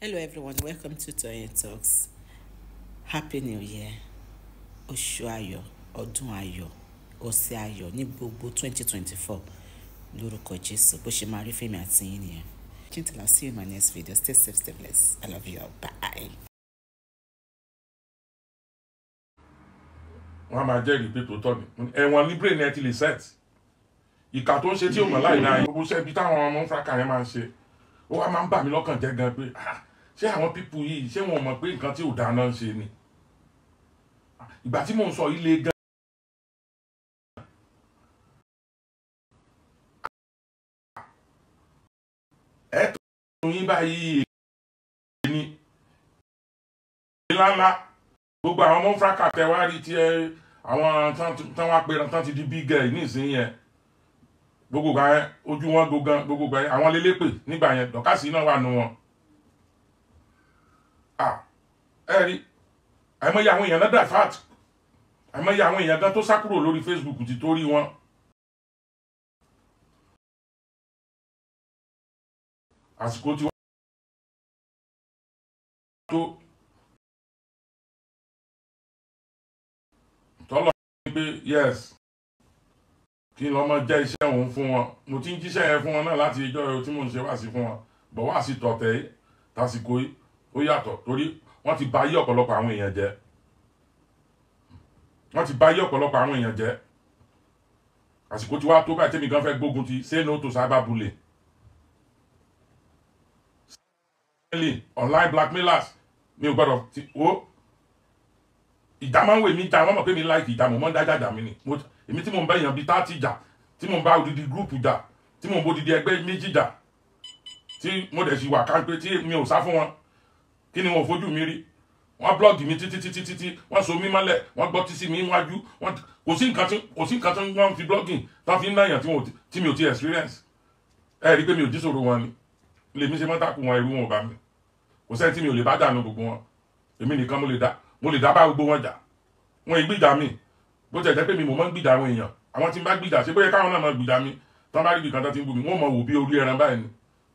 Hello everyone, welcome to Toyeen Talks. Happy New Year. Oṣù ayọ̀, ọdún ayọ̀, ọ̀sẹ̀ ayọ̀ ní gbogbo 2024 lórúkọ Jésù bó ṣe máa rí fèmí àti yín nìyẹn. Until I see you in my next video, stay safe, stay blessed. I love you all. Bye. Wọ́n á máa jẹ́rìí pé tòótọ́ ni. Ẹ̀wọ̀n libre ni ẹ ti lè set. Ìkà tó ń ṣe tí ò mọ̀ láì náà. Gbogbo iṣẹ́ ibi táwọn ọmọ ń fúnra kàrẹ́ máa ń ṣe. Ó wá máa ń bà mí lọ́kàn jẹ́ gan pé ah ṣé àwọn pípù yìí ṣé wọn mọ̀ pé nǹkan tí ò dáná ń ṣe ni ìgbà tí mò ń sọ yìí le gan. ẹ tó yín báyìí èyí ni ńláńlá gbogbo àwọn ọmọ fúráká tẹwárí tí àwọn tán wá pé tán ti di big girl nísìnyí yẹn gbogbo gbà yẹn ojú wọn gbogbo gbà yẹn àwọn lélépè nígbà yẹn dọ̀kásì náà wà nù wọn ẹ̀rí àìmọye àwọn èèyàn lọ́dà fat àìmọye àwọn èèyàn gan tó sá kúrò lórí Facebook ti torí wọn. àsìkò tí wọ́n tó tọ́lọ̀ ní pé yes kí n lọ́mọ jẹ́ iṣẹ́ òun fún wọn mo ti ń jíṣẹ́ yẹn fún wọn náà láti ìjọ́ tí mò ń ṣe wáàsí fún wọn bọ̀ wáàsí tọ̀tẹ̀ tásìkò yìí ó yàtọ̀ torí wọ́n ti bà ayé ọ̀pọ̀lọpọ̀ àwọn èèyàn jẹ́ wọ́n ti bà ayé ọ̀pọ̀lọpọ̀ àwọn èèyàn jẹ́ àsìkò tí wàá tó báyìí tẹ́mi gan fẹ́ gbógun ti say no to cyberbullying online blackmailers mi ò gbọ́dọ̀ ti wo ìdámáwò èmi jà wọ́n mọ̀ pé mi láìkì ìjà mo mọ́ ń dájà jà mí ni èmi tí mo ń bá èèyàn bíi táàtì jà tí mo ń bá odidi gúrùpù jà tí mo ń bó odidi ẹgbẹ́ méjì jà tí mo dẹ̀ sì wà káńpé tí mi ò sá fún wọn kí ni wọn fojú mi rí wọ́n blọọgì mi títí títí títí wọ́n so mi mọ́lẹ̀ wọ́n gbọ́ tísí mi wájú wọ́n kò sí nǹkan tí kò sí nǹkan tí wọ́n fi blọọgìn tá fi ń náyàn tí mi ò ti experience ẹ rí i pé mi ò jí sòrò wọn ni lèmi ṣe mọ́tà kù wọn irú wọn bá mi kò sẹ́ni tí mi ò lè bá dànù gbogbo wọn èmi nìkan mo lè dá mo lè dá bá gbogbo wọn jà wọn ì gbìjà mi bó tẹ̀ jẹ́ pé mi mò mọ́ gbìjà àwọn èèyàn àwọn tí n bá gbìjà ṣe bóyá káwọn náà mọ gbìjà mi tán bá rí ibì kan tán ti ń bù mí wọn mọ wò bí orí ẹran báyìí ni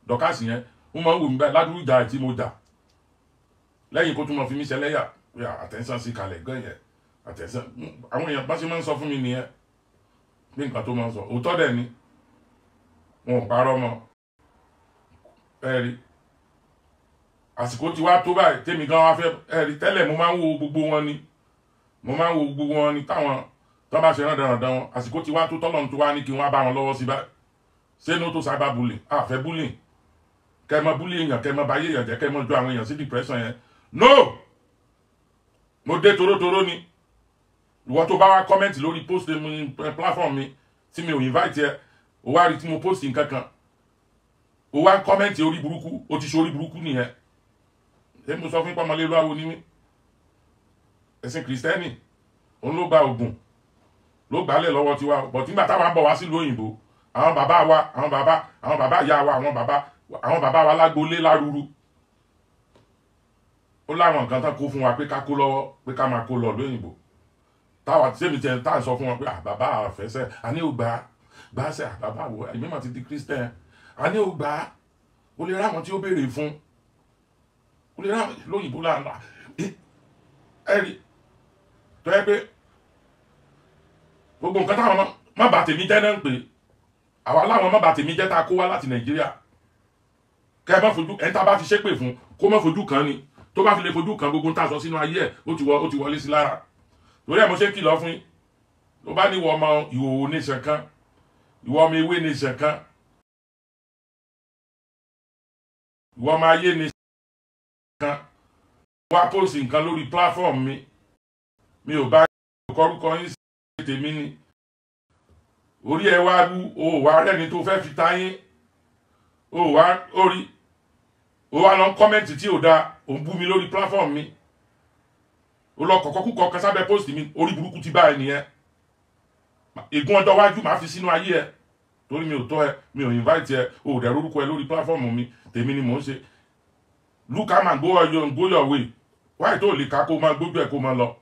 dọ̀kásì yẹn wọn mọ wò mí báyìí ládùúgbò ìjà ẹ̀ tí mo jà lẹ́yìn kó tún máa fi mí ṣẹlẹ́yà yà àtẹ̀sán sí kalẹ̀ gan yẹn àtẹ̀sán àwọn èèyàn bá ṣe máa ń sọ fún mi nìyẹn bí nǹkan tó máa ń sọ òótọ́ dẹ̀ ni wọn ò parọ́ mọ́ ẹ̀rí àsìkò tí wàá tó báyìí tèmi gan wá fẹ́ ẹ̀rí tẹ́lẹ̀ mo máa ń wo gbogbo wọn ni mo máa ń wo gbogbo wọn ni táwọn tó bá ṣe rán dandan wọn àsìkò tí wàá tó tọ́lọ́run tó wá ní kí wọ́n bá wọn lọ́wọ́ sí báyìí ṣé ní ó tó sábà bullying àfẹ́ bullying kẹ́ mọ bullying èèyàn kẹ́ mọ bayé èèyàn jẹ́ kẹ́ mọ ju àwọn èèyàn sí depression yẹn no mo dé torótoró ni ìwọ tó bá wá kọ́mẹ́ǹtì lórí post mi platform mi tí mi ò invite ẹ o wá rí tí mo post nǹkan kan o wá kọ́mẹ́ǹtì orí burúkú o ti ṣe orí burúkú nìyẹn ṣé mo sọ fún pọ́nmọlé lọ́wọ́ ní mí ẹ̀sìn kìrìsìtẹ́nì òun ló gba ògùn ló gbálẹ̀ lọ́wọ́ tiwa bọ̀tí nígbà táwa ń bọ̀ wá sílùú òyìnbó àwọn bàbá wa àwọn bàbá àwọn bàbá ìyá wa àwọn bàbá àwọn bàbá wa lágboolé láruru ó láwọn nǹkan tán kó fún wa pé ká kó lọ́wọ́ pé ká máa kó lọ lóyìnbó táwa sẹ́mi tẹ̀ tá à ń sọ fún wọn pé àbàbà àfẹsẹ̀ àní ò gbà gbà sẹ́ àbàbà wò ẹ̀mí mà ti di christian àní ò gbà ó lè ráwọn tí ó béèrè fún ó lè ráwọn lóyìnbó láàlá ẹ̀rí tó yẹ pé gbogbo nǹkan táwọn má bà tèmi jẹ́ náà ń pè àwa láwọn má bà tèmi jẹ́ tá a kó wá láti nàìjíríà kẹ́ ẹ má fojú ẹ̀ ń tá a bá fi ṣépè fún kó má fojú kàn ni tó bá fi lè fojú kan gbogbo ń tà sọ sínú ayé ẹ̀ ó ti wọ ó ti wọlé sí lára torí ẹ̀ mo ṣe kìlọ̀ fún yín tó bá ní ìwọ ọmọ ìhòòhò nation kan ìwọ ọmọ ewé nation kan ìwọ ọmọ ayé nation kan wá pósì nǹkan lórí platform mi mi ò bá kọrúkọ yín sí ètè mi ni orí ẹ wá wú o wá rẹ́ni tó fẹ́ fi ta yín o wá orí ó wá lọ ń kọ́mẹ́ǹtì tí ò da ò ń mi lórí platform mi ó lọ kọ̀kọ́ kúkọ kan sábẹ́ post mi orí burúkú ti bá ẹ nìyẹn ègún ọjọ́ wájú màá fi sínú ayé ẹ torí mi ò tọ́ ẹ mi ò invite ẹ o ò dẹ̀ lórúkọ ẹ platform mi tèmi ni mò ń look am and go your go your way wáyé tó lè ká kó máa gbójú ẹ kó máa lọ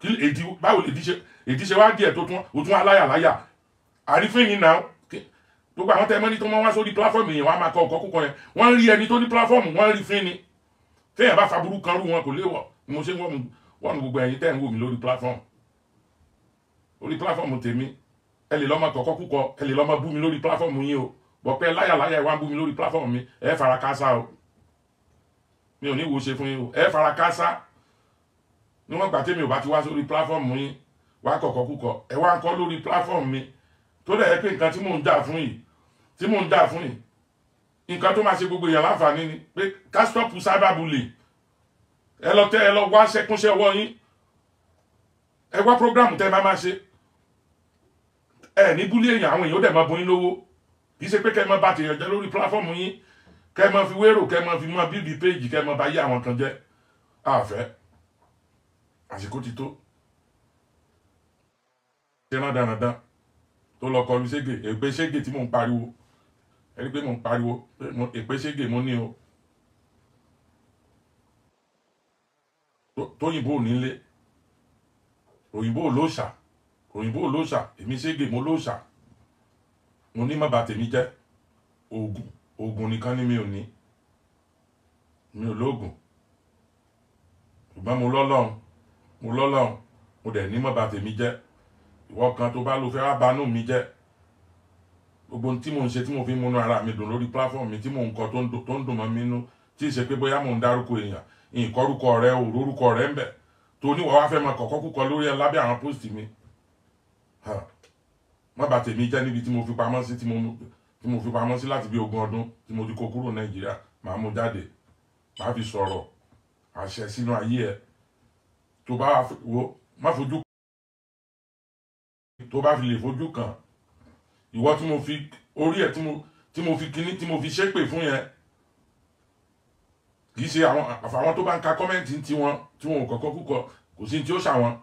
kí èdí báwo lè di ṣe èdí ṣe wá díẹ̀ tó tún o tún aláyà láyà àrífín yìí náà gbogbo àwọn tẹ́ mọ́ni tó mọ́ wá sórí platform yẹn wọ́n á máa kọ ọ̀kọ́ kúkọ yẹn wọ́n rí ẹni tó ní platform wọ́n rí fín ni téèyàn bá faburú kan rú wọn kò léwọ̀ ni mo ṣe ń wọ́n mu gbogbo ẹ̀yin tẹ́ ń wò mí lórí platform orí platform tèmi ẹ lè lọ́mọ kọ̀ọ̀kọ́ kúkọ ẹ lè lọ́mọ bú mi lórí platform yín o bọ̀pẹ́ láyàláyà ìwà ń bú mi lórí platform mi ẹ fara kásá o mi ò ní wo ṣe fún yín o ẹ fara kásá níwọ̀n gbà tèmi ò bá ti wá sórí platform yín wá kọ̀ọ̀kọ́ kúkọ ẹ wá ń kọ́ lórí platform mi tó dẹ̀ yẹ pé nǹkan tí mò ń jà fún yìí tí mò ń dà fún yìí nǹkan tó máa ṣe gbogbo èèyàn ni pé ká stop cyberbullying ẹ lọ tẹ ẹ lọ wá ṣẹkúnṣẹ ọwọ́ yín ẹ wá program tẹ bá máa ṣe ẹ ní búlé èèyàn ni èèyàn ó dẹ̀ máa bọ́ yín lówó kì í ṣe se kẹ́ ẹ máa bá tèèyàn jẹ lórí platform yín kẹ́ ẹ máa fi wérò kẹ́ ẹ máa fi máa bíbí péjì kẹ́ ẹ máa bá yé àwọn kan jẹ́ àfẹ́ àsìkò ti tó ṣe rán dáradára tó lọ kọlu ségè ègbé ségè tí mò ń pariwo ẹni pé mo ń pariwo pé mo èpè ségè mo ní o tóyìnbó nílé òyìnbó lóòṣà òyìnbó lóòṣà èmi ségè mo lóòṣà mo ní má bà tèmi jẹ́ oògùn oògùn nìkan ni mi ò ní mi ò lóògùn ṣùgbọ́n mo lọ́lọ́run mo lọ́lọ́run mo dẹ̀ ní má bà tèmi jẹ́ ìwọ kan tó bá lo fẹ́ wá banú mi jẹ́ gbogbo tí mò ń ṣe tí mo fi ń múnú ara mi dùn lórí platform mi tí mò ń kọ tó ń dùn mọ́ mi nú tí ì ṣe pé bóyá mò ń dárúkọ èèyàn ìkọrúkọ rẹ òrórúkọ rẹ ń bẹ tó ní wàá fẹ́ máa kọ̀kọ́ kúkọ lórí ẹ lábẹ́ àwọn post mi má bà tèmi jẹ́ níbi tí mo fi pamọ́ sí tí mo fi pamọ́ sí láti bí ogún ọdún tí mo ti kó kúrò nàìjíríà màá mú jáde màá fi sọ̀rọ̀ àṣẹ sínú ayé ẹ tó bá fi lè fojú kàn ìwọ tí mo fi orí ẹ̀ tí mo fi kíní tí mo fi ṣépè fún yẹn kì í ṣe àwọn àfàwọn tó bá ń ka kọ́mẹ́ǹtì tí wọn tí wọn ò kọ́kọ́ kúkọ kò sí tí ó ṣàwọn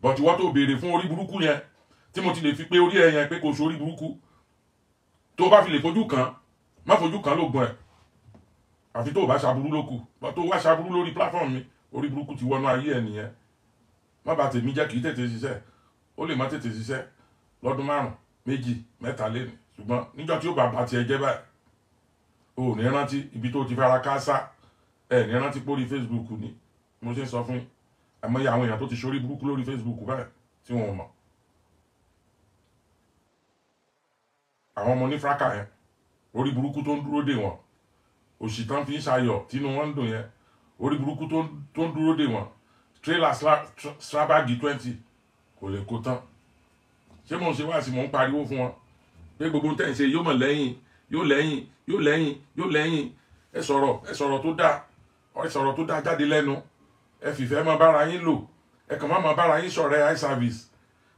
but ìwọ tó béèrè fún orí burúkú yẹn tí mo ti lè fi pé orí ẹ̀ yẹn pé kò sórí burúkú tó bá fi lè fojú kàn má fojú kàn lóògùn ẹ̀ àfi tó bá ṣaburú ló kù but tó wá ṣaburú lórí platform mi orí burúkú ti wọnú ayé ẹ̀ nìyẹn má bàa tèmi jẹ́ kì í tètè ṣiṣẹ́ ó lè má tètè ṣiṣẹ́ lọ́dún márùn méjì mẹ́ta lẹ́nu ṣùgbọ́n níjọ́ tí ó bá ba tiẹ̀ jẹ́ báyìí o ò ní rántí ibi tó ti fara káásá ẹ ní rántí pé Facebook ni mo ṣe ń sọ fún yín àmọ́ iye àwọn èèyàn tó ti ṣorí burúkú lórí Facebook báyìí tí wọn ò mọ̀ àwọn ọmọ onífraka yẹn orí burúkú tó ń dúró dè wọ́n òṣì tán fi ń ṣayọ̀ tínú wọn ń dùn yẹn orí burúkú tó ń dúró dè wọ́n trailer strabagi twenty kò lè kó tán ṣé mò ń ṣe wáàsí mò ń pariwo fún wọn pé gbogbo tẹ̀ ń ṣe yóò mọ̀ lẹ́yìn yóò lẹ́yìn yóò lẹ́yìn yóò lẹ́yìn ẹ sọ̀rọ̀ ẹ sọ̀rọ̀ tó dáa ẹ sọ̀rọ̀ tó dáa jáde lẹ́nu ẹ fìfẹ́ máa bára yín lò ẹ kàn máa bára yín sọ̀rọ̀ eye service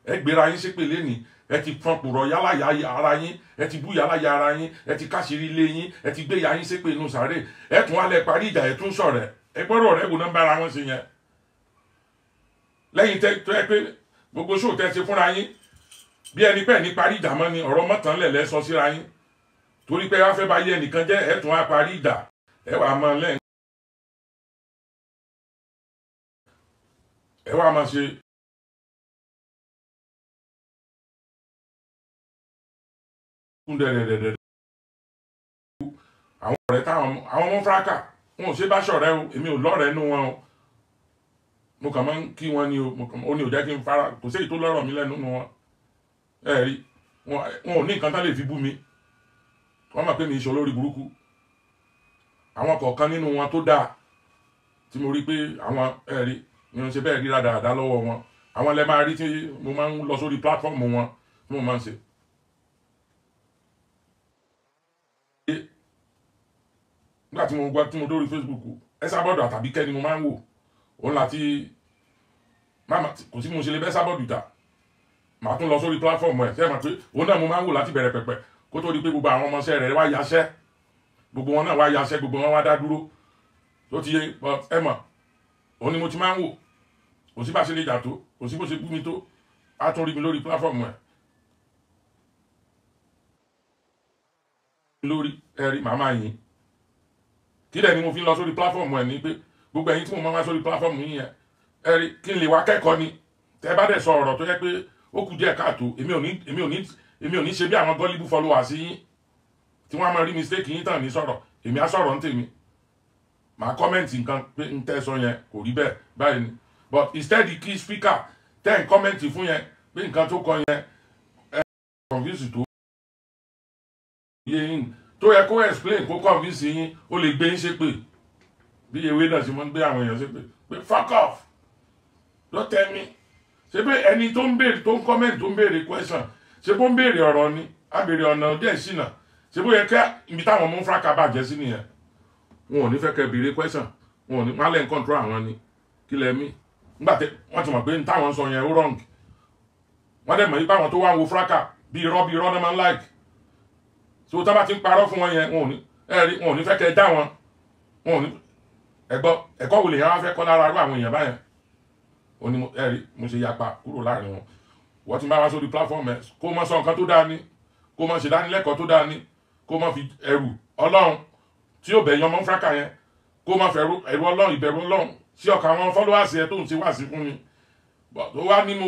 ẹ gbéra yín ṣépè lẹ́nìí ẹ ti fọn pòrọ̀ yálàyà ara yín ẹ ti bú yálàyà ara yín ẹ ti káṣírí ilé yín ẹ ti gbé yàyín ṣépè inú sàárè ẹ tún alẹ́ parí ìjà ẹ tún sọ̀rẹ̀ ẹ gbọ́dọ̀ rẹ wò náà bára wọn ṣe yẹn lẹ́yìn tẹ́ tẹ́ pé gbogbo ṣòtẹ́ ṣe fúnra yín bí ẹni pẹ́ẹ́ ní parí ìjà mọ́ ni ọ̀rọ̀ mọ́tànlẹ̀ lẹ́ sọ síra yín torí pé wàá fẹ́ bá yẹ nìkan jẹ́ ẹ̀ tún á parí ìjà ẹ̀ wàá mọ lẹ́yìn. ẹ̀ wàá máa ṣe. àwọn ọ̀rẹ́ táwọn àwọn ọmọ fúráká wọn ò ṣe bá ṣọ̀rẹ́ o èmi ò lọ́rẹ̀ẹ́ nú wọn o mo kàn máa ń kí wọn ni o ó ní ò jẹ́ kí n fara kò sí èyí tó lọ́rọ̀ mi lẹ́nu wọn ẹ rí wọn ò ní nǹkan tá lè fi bú mi wọn mọ̀ pé mi ìṣòro lórí burúkú àwọn kọ̀ọ̀kan nínú wọn tó dáa tí mo rí pé àwọn ẹ rí mi ò ṣe bẹ́ẹ̀ rí dáadáa lọ́wọ́ wọn àwọn lẹ máa rí tí mo máa ń lọ sórí pílátífọ́ọ̀mù wọn tí mo máa ń ṣe. nígbà tí mo gbọ́ tí mo dórí Facebook ẹ̀sà bọ́ọ̀dù àtàbíkẹ́ ni mo máa ń wò òun láti kò sí mo ṣe lè bẹ́ẹ̀ sábọ́ọ̀dù ta màá tún lọ sórí platform ẹ̀ sẹ́ẹ̀ mà pé òun náà mo máa ń wò láti bẹ̀rẹ̀ pẹ̀pẹ̀ kó tó di pé gbogbo àwọn ọmọọṣẹ́ rẹ̀ wá yaṣẹ́ gbogbo wọn náà wá yaṣẹ́ gbogbo wọn wá dá dúró tó ti yé ẹ mọ̀ òun ni mo ti máa ń wò kò sí bá ṣe lè jà tó kò sí bó ṣe bú mi tó á tún rí mi lórí platform ẹ̀ lórí ẹ̀rí màmá yìí kí dẹ̀ ni mo fi lọ sórí platform ẹ̀ ni pé gbogbo ẹ̀yin tí mo máa wá sórí platform yìí yẹn ẹ̀rí kí n lè wá kẹ́kọ̀ọ́ ni tẹ́ bá dẹ̀ sọ ọ̀rọ̀ tó yẹ pé ó kù díẹ̀ káàtó èmi ò ní èmi ò ní èmi ò ní ṣe bí àwọn gọ́líbù followers yín tí wọ́n á máa rí mistake yín tàn ní sọ̀rọ̀ èmi á sọ̀rọ̀ ń tèmi màá kọ́mẹ̀ntì nǹkan pé ń tẹ́ sọ yẹn kò rí bẹ́ẹ̀ báyìí ni but instead kí speaker tẹ́ ń kọ́mẹ̀ntì fún yẹn pé nǹkan tó kọ yẹn ẹ confuse tó yé yín tó yẹ kó explain kó confuse yín ó lè gbé yín ṣépè bí ewé náà ṣe máa ń gbé àwọn èèyàn ṣépè pé fuck off don't tell me. se pé ẹni tó n béèrè tó n comment tó n béèrè question se n ọ̀rọ̀ ni abèrè ọ̀nà díẹ̀ ṣìnà ṣé se yẹ ká ibi táwọn wọn ò ní fẹ́ kẹ́ béèrè question wọn ò ní ni kí lẹ́ nígbà tí ti pé táwọn sọ yẹn wrong tó wá so ti ń parọ́ fún wọn yẹn wọn ò ní wọn ò ní dá wọn wọn ò ní ó ní ẹ̀rí mo ṣe yapa kúrò láàrin wọn wọ́n ti máa wá sórí platform ẹ̀ kó má sọ nǹkan tó dáa ní kó má ṣèdánilẹ́kọ̀ọ́ tó dáa ní kó má fi ẹ̀rù ọlọ́run tí yóò bẹ̀yàn ọmọ fúráka yẹn kó má fẹ̀rù ẹ̀rù ọlọ́run ìbẹ̀rù ọlọ́run sí ọkà àwọn followers ẹ̀ tó ń ṣe wá sí fún mi tó wá ní mo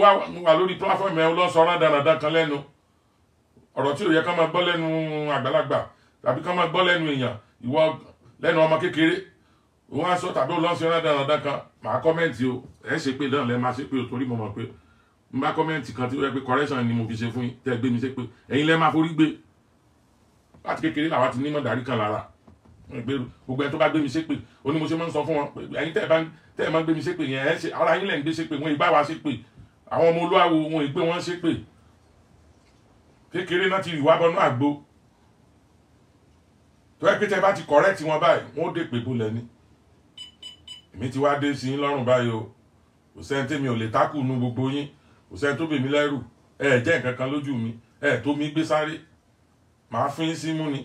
wà lórí platform ẹ̀ lọ sọ̀rọ̀ dáradára kan lẹ́nu ọ̀rọ̀ tí ò yẹ ká máa gbọ́ lẹ́nu àgbàlagbà tàbí ká máa gbọ́ lẹ́nu èèyàn ìwọ lẹ́nu ọmọ kékeré wọn aṣọ tàbí olóńsẹ rádaràdá kan màá kọ́mẹ́ǹtì o ẹ ṣe pé náà lẹ máa ṣe pé o torí mo mọ̀ pé n bá kọ́mẹ́ǹtì kan tí ó yẹ pé correction ni mo fi ṣe fún yín tẹ́ gbé mi ṣe pé ẹ̀yin lẹ máa forí gbé láti kékeré làwa ti nímọ̀ darí kan lára gbogbo ẹ tó bá gbé mi ṣe pé o ní mo ṣe máa ń sọ fún wọn ẹ̀yin tẹ́ ẹ máa gbé mi ṣe pé yẹn ẹ ṣe ara yín lẹ́ ń gbé ṣe pé wọn ì bá wa ṣe pé àwọn ọmọ olúwawo wọn ì gbé wọn ṣe pé kékeré náà ti ìwà bọnú àgbo tó yẹ pé tẹ́ bá ti correct wọn báyìí wọn dè pé bó lẹ́ni èmi ti wá dé sí yín lọ́rùn báyìí o kò sẹ́ni tèmi ò lè tákù nu gbogbo yín kò sẹ́ni tó bèmí lẹ́rù ẹ ẹ̀ jẹ́ nǹkan kan lójú mi ẹ ẹ̀ tó mi gbé sáré màá fín sí mú ni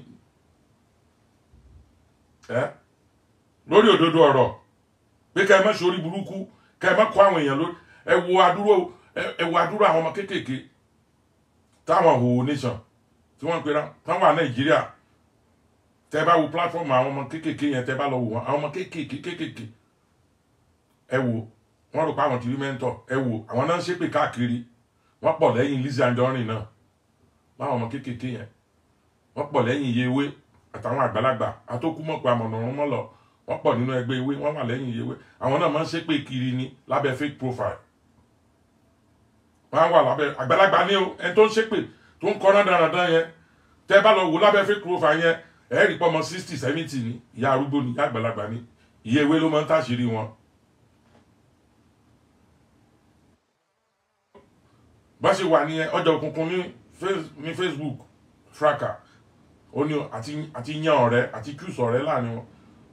ẹ lórí òdodo ọ̀rọ̀ pé ká ẹ má ṣorí burúkú ká ẹ má kó àwọn èèyàn lórí ẹ wo àdúró ẹ wo àdúró àwọn ọmọ kéékèèké táwọn òwò nation tí wọ́n ń pera táwọn wà Nàìjíríà tẹ bá wo platform àwọn ọmọ kéékèèké yẹn tẹ bá lọ wò wọn àwọn ọmọ kéékèèké kéékèèké ẹ wò wọ́n rò pé àwọn ti rí mẹ́ńtọ̀ ẹ wò àwọn náà ń ṣépè káàkiri wọ́n pọ̀ lẹ́yìn Lizzy Anjorin náà láwọn ọmọ kéékèèké yẹn wọ́n pọ̀ lẹ́yìn Yewé àtàwọn àgbàlagbà àtòkùmọ̀pọ̀ àmọ̀nàrún mọ́lọ̀ wọ́n pọ̀ nínú ẹgbẹ́ Yewé wọ́n wà lẹ́yìn Yewé àwọn náà máa ń ṣépè kiri ni lábẹ́ fake profile wọ́n wà lábẹ́ àgbàlagbà ni o ẹni tó ń ṣépè tó ń kọ́ná dáradára yẹn tẹ́ bá lọ wò lábẹ́ fake profile yẹn ẹ̀ẹ́rì pọ̀ mọ́ sixty seventy ni ìyá arúgbó ni ìyá àgbàlagbà ni Yewé ló máa ń tàṣírí wọn bá ṣe wà nìyẹn ọjà òkùnkùn ní ní facebook fraka oni ati ati àti yan ọ̀rẹ́ àti kíus ọ̀rẹ́ láàrin wọn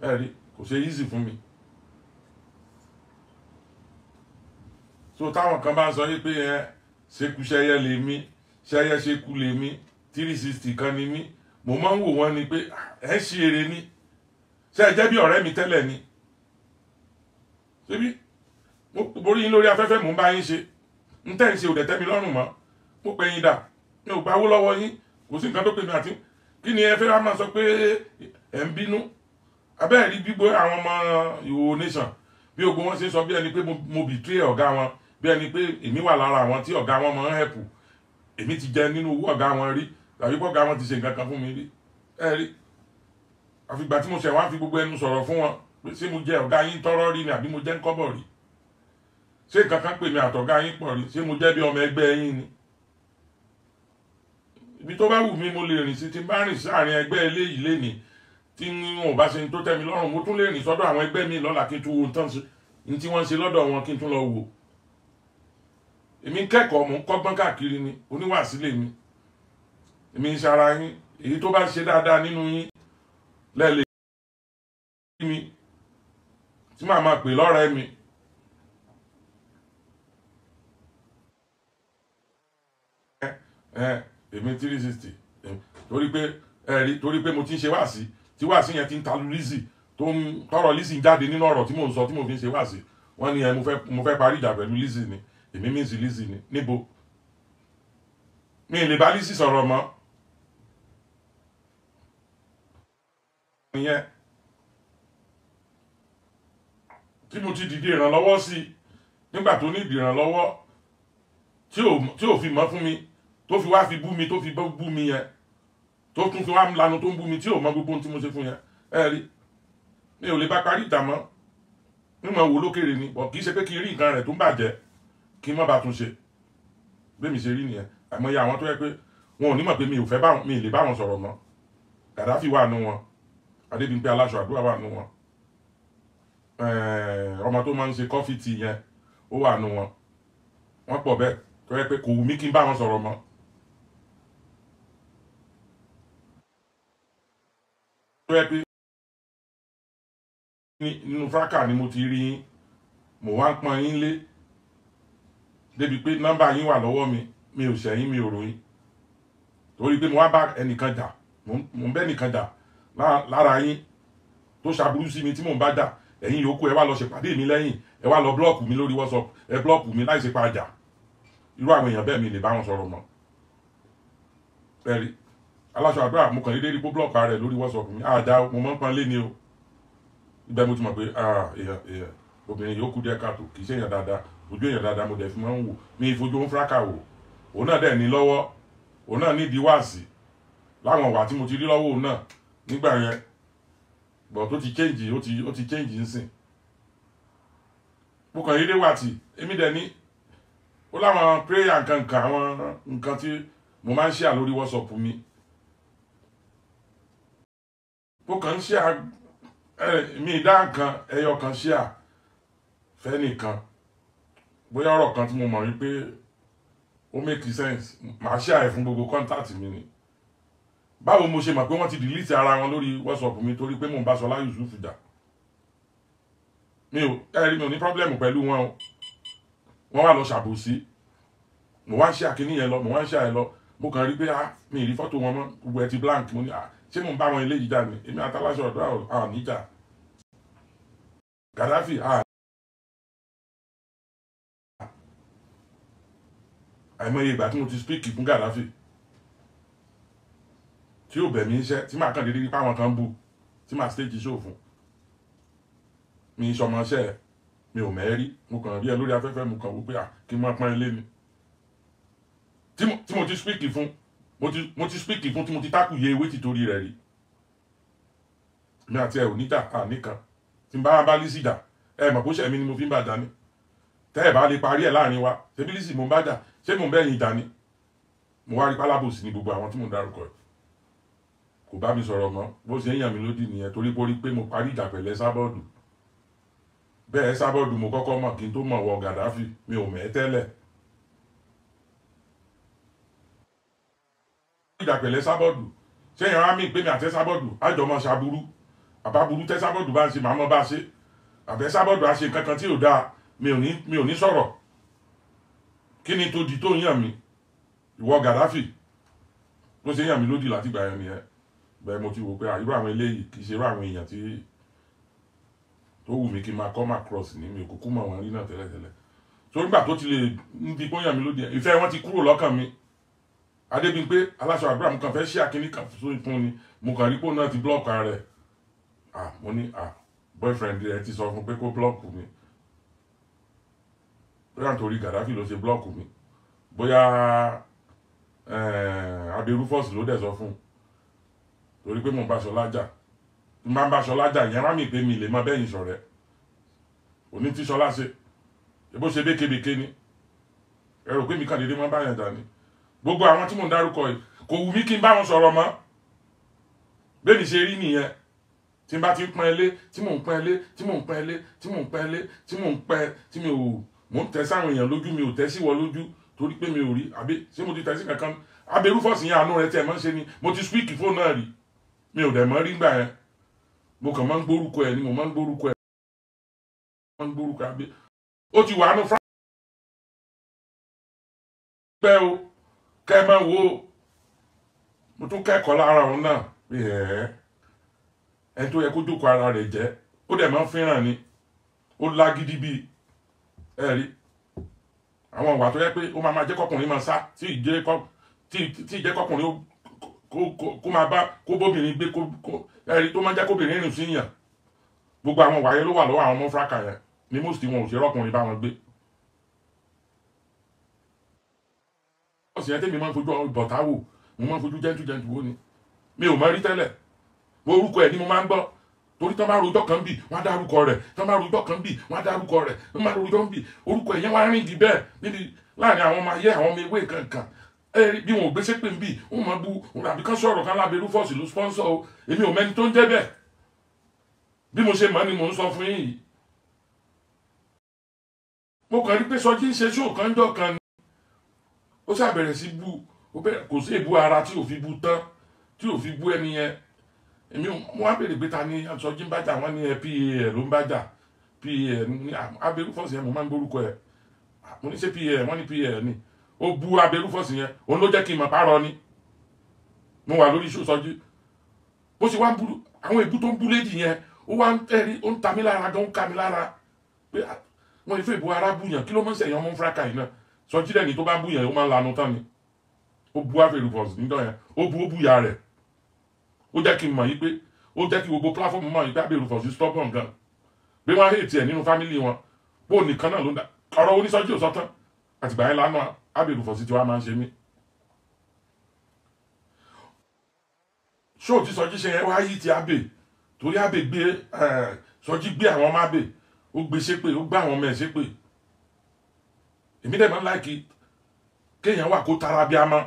ẹ rí kò ṣe easy fún mi so táwọn kan bá ń sọ yí pé ẹ ṣekúṣẹyẹ lè mí ṣẹyẹ ṣekú lè mí three sixty kan ni mí mo máa ń wò ni pé ah, ẹ ṣe eré ni ṣe ẹ jẹ́ bí mi tẹ́lẹ̀ ni ṣebí mo borí yín lórí afẹ́fẹ́ mò ń bá yín ń tẹ́ ń ṣe òdẹ̀ tẹ́mi lọ́rùn mọ́ mo pè yín dà mi ò gbàwó lọ́wọ́ yín kò sí nǹkan tó pè mí àti kí ni ẹ fẹ́ wá máa sọ pé ẹ̀ ń bínú abẹ́ẹ̀ rí gbígbó àwọn ọmọ ìwò nation bí ogun wọn ṣe sọ bí ẹni pé mo bìtúyẹ ọ̀gá wọn bí ẹni pé èmi wà lára àwọn tí ọ̀gá wọn máa ń hẹ̀pù èmi ti jẹ nínú owó ọ̀gá wọn rí tàbí pọ̀ ọ̀gá wọn ti ṣe nǹkan kan fún mi rí ẹ rí àfìgbà tí mo ṣẹ̀ wá fi gbogbo ẹnu sọ̀rọ̀ fún wọn pé ṣé mo jẹ ọ̀gá yín tọ́rọ́ rí ni àbí mo jẹ́ ń rí ṣé nǹkan kan pè mí àtọ̀gá yín pọ̀ ni ṣé mo jẹ́ bí ọmọ ẹgbẹ́ yín ni ibi tó bá wù mí mo lè rìn sí ti bá rìn sáàrin ẹgbẹ́ eléyìí lénìí tí wọn ò bá ṣe tó tẹ́ mi lọ́rùn mo tún lè rìn sọ́dọ̀ àwọn ẹgbẹ́ mi lọ́la kí n tún wo tán sí ní tí wọ́n ń ṣe lọ́dọ̀ wọn kí n tún lọ wò èmi ń kẹ́kọ̀ọ́ mò ń kọ́gbọ́n káàkiri ni oníwàásí lèmi èmi ń ṣara yín èyí tó bá ṣe dáadáa nínú yín lẹ́ẹ̀lẹ́ tí màá máa pè lọ́rẹ́ mi èmi three sixty torí pé ẹ̀rí torí pé mo ti ń ṣe wáàsí tí wáàsí yẹn ti ń talu Lizzy tó ń tọrọ Lizzy ń jáde nínú ọ̀rọ̀ tí mò ń sọ tí mo fi ń ṣe wáàsí wọ́n ní ẹ mo fẹ́ parí ìjà pẹ̀lú Lizzy ni èmi mí sí Lizzy ni níbo mi lè bá Lizzy sọ̀rọ̀ mọ́ nìyẹn tí mo ti dìde ìrànlọ́wọ́ sí nígbà tó ní ìdìrànlọ́wọ́ tí ò fi mọ́ fún mi tó fi wá fi bú mi tó fi bú mi yẹn tó tún fi wá lanu tó ń bú mi tí ò mọ gbogbo ohun tí mo ṣe fún yẹn ẹ rí mi ò lè bá parí ìtàn mọ́ mímọ wo lókèrè ni bọ̀ kì í ṣe pé kí n rí nǹkan rẹ̀ tó ń bàjẹ́ kí n má bàa tún ṣe bẹ́mi ṣe rí nìyẹn àmọ́yé àwọn tó yẹ pé wọn ò ní mọ̀ pé mi ò fẹ́ bá mi lè bá wọn sọ̀rọ̀ mọ́ Gaddafi wà nù wọn Adébímpé aláṣọ àdúrà wà nù wọn ọmọ tó máa ń ṣe kọ́fì tì yẹn ó wà nù wọn wọn pọ̀ bẹ́ẹ̀ tó yẹ pé kò wù mí kí n bá wọn sọ̀rọ̀ mọ́ rẹ pé nínú fákà ni mo ti rí yín mo wá ń pọn yín lé débi pé nọ́mbà yín wà lọ́wọ́ mi mi ò sẹ́yìn mi ò ròyìn torí pé mo wá bá ẹnìkan jà mo ń bẹ́ ẹnìkan jà lára yín tó ṣàbúrú sí mi tí mò ń bá jà ẹ̀yin yòókù ẹ wá lọ ṣèpàdé mi lẹ́yìn ẹ wá lọ búlọ́ọ̀kù mi lórí WhatsApp ẹ búlọ́ọ̀kù mi láì ṣe pa àjà irú àwọn èèyàn bẹ́ẹ̀ mi lè bá wọn sọ̀rọ̀ mọ́ ẹ rí aláṣọ àdúrà mo kàn déédéé rí búlọ́ọ̀kì rẹ̀ lórí wọ́sọ̀ọ̀pù mi àdá ah, mo máa ń pan lé ni o ibẹ̀ mo ti mọ̀ pé ah, obìnrin yóò kú díẹ̀ káàtó kì í ṣe èèyàn dáadáa ojú èèyàn dáadáa mo dẹ̀ fi máa ń wò mi ìfojú ń fúráka wò òun náà dẹ̀ ní lọ́wọ́ òun náà nídìí wáàsì láwọn ìwà tí mo ti rí lọ́wọ́ òun náà nígbà yẹn bọ̀ tó ti change ó ti ó ti change nsìn mo kàn yí dé wàtí èmi dẹ̀ ní ó láwọn prayer nǹkan nǹkan àwọn nǹkan tí mo máa ń ṣe à lórí WhatsApp mi bó kàn ṣe à mi ìdá nǹkan ẹyọ kan ṣe à fẹ́ nìkan bóyá ọ̀rọ̀ kan tí mo mọ̀ wípé ó make sense màá ṣe àyè fún gbogbo contact mi ni báwo mo ṣe mọ̀ pé wọ́n ti delete ara wọn lórí whatsapp mi torí pé mò ń bá Ṣọlá Yusuf jà mi ò ẹ̀rí mi ò ní problem pẹ̀lú wọn o wọ́n wà lọ ṣàbòsí mo wá ń ṣe àkíní yẹn lọ mo wá ń ṣe àyè lọ mo kàn rí pé ah mi ì rí fọ́tò wọn mọ́ gbogbo ẹ ti blank mo ní ah ṣé mo ń bá wọn ilé yìí jà ni èmi àtàláṣọ ọ̀dọ́ àwọn níjà Gaddafi àìmọye ìgbà tí mo ti spíkì fún Gaddafi tí yóò bẹ̀ mí iṣẹ́ tí màá kàn déédéé pé àwọn kan bú tí màá stage show fún mi ìṣọmọṣẹ́ mi ò mẹ́rí mo kàn rí ẹ lórí afẹ́fẹ́ mo kàn wò pé à kí n máa pọ́n ilé ni tí mo ti spíkì fún mo ti mo ti spíkì fún tí mo ti tákù yé ewé tìtorí rẹ̀ rí mi àti ẹ̀ ò níjà àníkan tí n bá bá lísì jà ẹ mọ̀ kó ṣẹ̀mí ni mo fi ń bà dání tẹ́ ẹ̀ bá lè parí ẹ̀ láàrin wa ṣé bí lísì mo ń bá jà ṣé mo ń bẹ́yìn dání mo wá rí pálábòsì ní gbogbo àwọn tí mo dárúkọ ẹ̀ kò bá mi sọ̀rọ̀ mọ́ bó ṣe ń yàn mí lódì nìyẹn torí borí pé mo parí ìjà pẹ̀lẹ́ sábọ́ọ̀dù bẹ́ẹ̀ sábọ́ọ̀dù mo kọ́kọ́ mọ̀ kí n tó mọ̀ wọ Gàdáfì mi ò mẹ́ tẹ́lẹ̀ ìdàpẹ̀lẹ́ sábọ́ọ̀dù sẹ́yìn rámì pèmí àtẹ́ sábọ́ọ̀dù àjọmọ́ ṣàbúrú àbábúrú tẹ́ sábọ́ọ̀dù bá ń ṣe màmọ́ bá ṣe àbẹ́ sábọ́ọ̀dù á ṣe kankan tí ò dáa mi ò ní sọ̀rọ̀ kí ni tó di tó ń yàn mí ìwọ Gaddafi ló ṣe yàn mí lódì látìgbà yẹn nìyẹn bẹ́ẹ̀ mo ti wò pé irú àwọn eléyìí kì í ṣe irú àwọn èèyàn tí tó wù mí kí n máa come across ní mi ò kúkú mọ̀ wọ́n rí náà tẹ́lẹ̀tẹ́lẹ̀ so nígbà tó ti lè ń di pé ó yàn mí lódì ìfẹ́ wọn ti kúrò lọ́kàn mi adébímpé aláṣọ àdúrà mo kàn fẹ́ ṣí àkíní kan fún ni mo kàn rí pé náà ti blọ́ọ̀kù ara ah mo ní ah boyfriend rẹ ti sọ fún pé kó blọ́ọ̀kù mi bóyá nítorí Gaddafi ló ṣe blọ́ọ̀kù mi bóyá eh, aberufos ló dẹ̀ sọ fún torí pé mo bá aṣọ lájà má bá aṣọ lájà yẹn má mi pé mi lè má bẹ́yìn sọ̀rẹ́ òní tíṣọlá ṣe ebó ṣe békebèke ni ẹ rò pé mi kàn déédéé má bá yàn dà ni gbogbo àwọn tí mò ń dárúkọ yìí kò wù mí kí n bá wọn sọ̀rọ̀ mọ́ bẹ́ẹ̀ ni ṣe rí nìyẹn tí n bá ti pọn ẹlé tí mò ń pọn ẹlé tí mò ń pọn ẹlé tí mò ń pọn ẹlé tí mò ń pẹ tí mi ò mò ń tẹ sáwọn èèyàn lójú mi ò tẹ sí wọ lójú torí pé mi ò rí àbí ṣé mo ti tẹ sí kankan abẹ́rúfọ̀sì yẹn àánú rẹ tẹ̀ mọ́ ṣe ni mo ti spíkì fóònù náà rí mi ò dẹ̀ mọ́ rí gbà yẹn mo kàn máa ń gbórúkọ ẹ ni mo máa ń gbórúkọ ẹ máa ń gbórúkọ abẹ́ ó ti wà á nù fún kẹ́ máa wo mo tún kẹ́kọ̀ọ́ lára òun náà bí ẹ̀ ẹni tó yẹ kó jókòó ara rẹ̀ jẹ́ ó dẹ̀ máa ń fẹ́ràn ni ó lágídí bíi ẹ rí àwọn ìwà tó yẹ pé ó máa máa jẹ́ kọkùnrin máa sá tí ìjẹ́ kọkùnrin kó máa bá kó bóbìnrin gbé kó ẹ rí tó máa jẹ́ kóbìnrin rìn sí yàn gbogbo àwọn ìwà yẹn ló wà lọ́wọ́ àwọn ọmọ fúráka yẹn ni most wọn ò ṣe rọ́kùnrin bá wọn gbé ọ̀sìn yẹn tẹ́mi máa ń fojú ọ̀tá wò mo máa ń fojú jẹ́ntú jẹ́ntú wò ni mi ò mọ rí tẹ́lẹ̀ orúkọ ẹ̀ ni mo máa ń gbọ́ torí tán bá rojọ́ kan bì wọ́n á dárúkọ rẹ̀ tán bá rojọ́ kan bì wọ́n á dárúkọ rẹ̀ tán bá rojọ́ bì orúkọ ẹ̀ yẹn wá rìn di bẹ́ẹ̀ níbi láàrin àwọn ọmọ ayé àwọn ọmọ ewé kankan ẹ̀rí bí wọn ò gbéṣẹ́ pé ń bì wọn máa bu òun àbí kan sọ̀rọ̀ kan lábẹ́ rúfọ́ọ̀sì ló sponsor o èmi ò mẹ́ni tó ń jẹ́ bẹ́ẹ̀ bí mo ṣe mọ̀ ni mò ń sọ fún yín yìí mo kàn rí pé sọjí ń ṣe ṣó kan ó ṣàbẹ̀rẹ̀ sí bú kò sí èbú ara tí ò fi bú tán tí ò fi bú ẹni yẹn èmi wọn á béèrè pé ta ni Sọjí ń bájà wọn ní ẹ PAN ló ń bájà PAN ní abẹ́rúfọ́sì yẹn mo máa ń gbórúkọ ẹ mo ní ṣe PAN wọn ní PAN ni ó bú abẹ́rúfọ́sì yẹn òun ló jẹ́ kí n mọ̀ párọ̀ ni mo wà lórí iṣu Sọjí bó ṣe wá ń bú àwọn èbú tó ń bú lédi yẹn ó wá ń tẹ́rí ó ń ta mí lára gan ó ń ka mí lára pé wọn ìfẹ́ ìbò arábù yàn kí ló mọ̀ ń sẹ̀yìn ọmọ ń fúráka yìí náà Sọjí dẹ̀ tó bá bú yẹn ó máa ń lanu tán ni ó bu Averroes níjọ́ yẹn ó bu ó bu ìyá rẹ̀ ó jẹ́ kí n mọ̀ yí pé ó jẹ́ kí gbogbo pláfọ́ọ̀mù mọ̀ yí pé Averroes stubborn gan bí wọ́n á hate nínú fámìlì wọn bó nìkan náà ló ń dà ọ̀rọ̀ onísọjí ò sọ àtìgbà yẹn lánàá Averroes ti wá máa ń ṣe mí. ṣóò tí sọjí ṣe yẹn wá yí ti abe torí abe gbé eh, sọjí gbé àwọn ọmọ abe ó gbé ṣépè ó gbá àwọn ọmọ ẹ̀ ṣépè èmi dẹ̀ máa ń láìkí kéèyàn wà kó tara bí amọ́